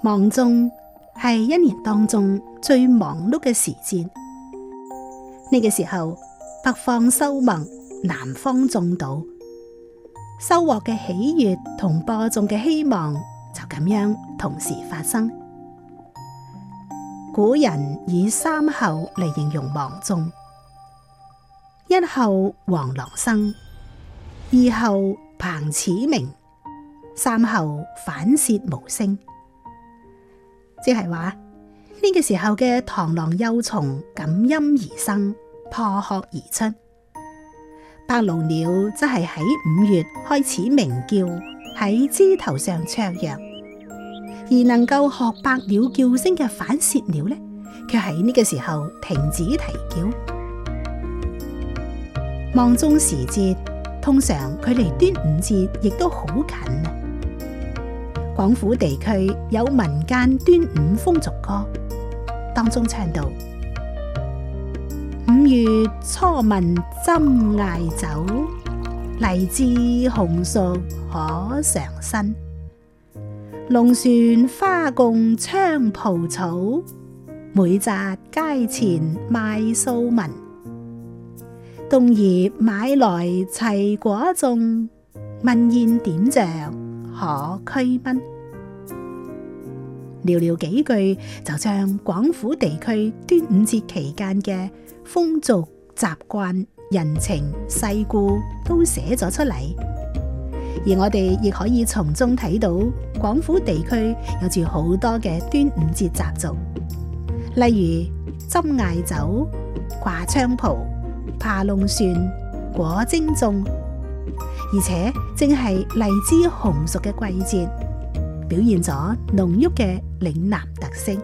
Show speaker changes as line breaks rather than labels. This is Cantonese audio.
芒種係一年當中最忙碌嘅時節，呢、那個時候，北方收麥，南方種稻，收穫嘅喜悅同播種嘅希望就咁樣同時發生。古人以三候嚟形容芒種：一候黃狼生，二候鵬始鳴，三候反舌無聲。即係話呢個時候嘅螳螂幼蟲感陰而生，破殼而出；伯勞鳥則係喺五月開始鳴叫，喺枝頭上雀躍。而能夠學百鳥叫聲嘅反舌鳥呢，卻喺呢個時候停止啼叫。芒種時節，通常距離端午節亦都好近。廣府地區有民間端午風俗歌，當中唱到：五月初五斟艾酒，荔枝紅熟可嘗新。龍船花共菖蒲草，每紮街前賣數文。冬葉買來齊果粽，蚊煙點着。何驅蚊？寥寥幾句，就將廣府地區端午節期間嘅風俗習慣、人情世故都寫咗出嚟。而我哋亦可以從中睇到，廣府地區有住好多嘅端午節習俗，例如針艾酒、掛菖蒲、爬龍船、果蒸粽。而且正係荔枝紅熟嘅季節，表現咗濃郁嘅嶺南特色。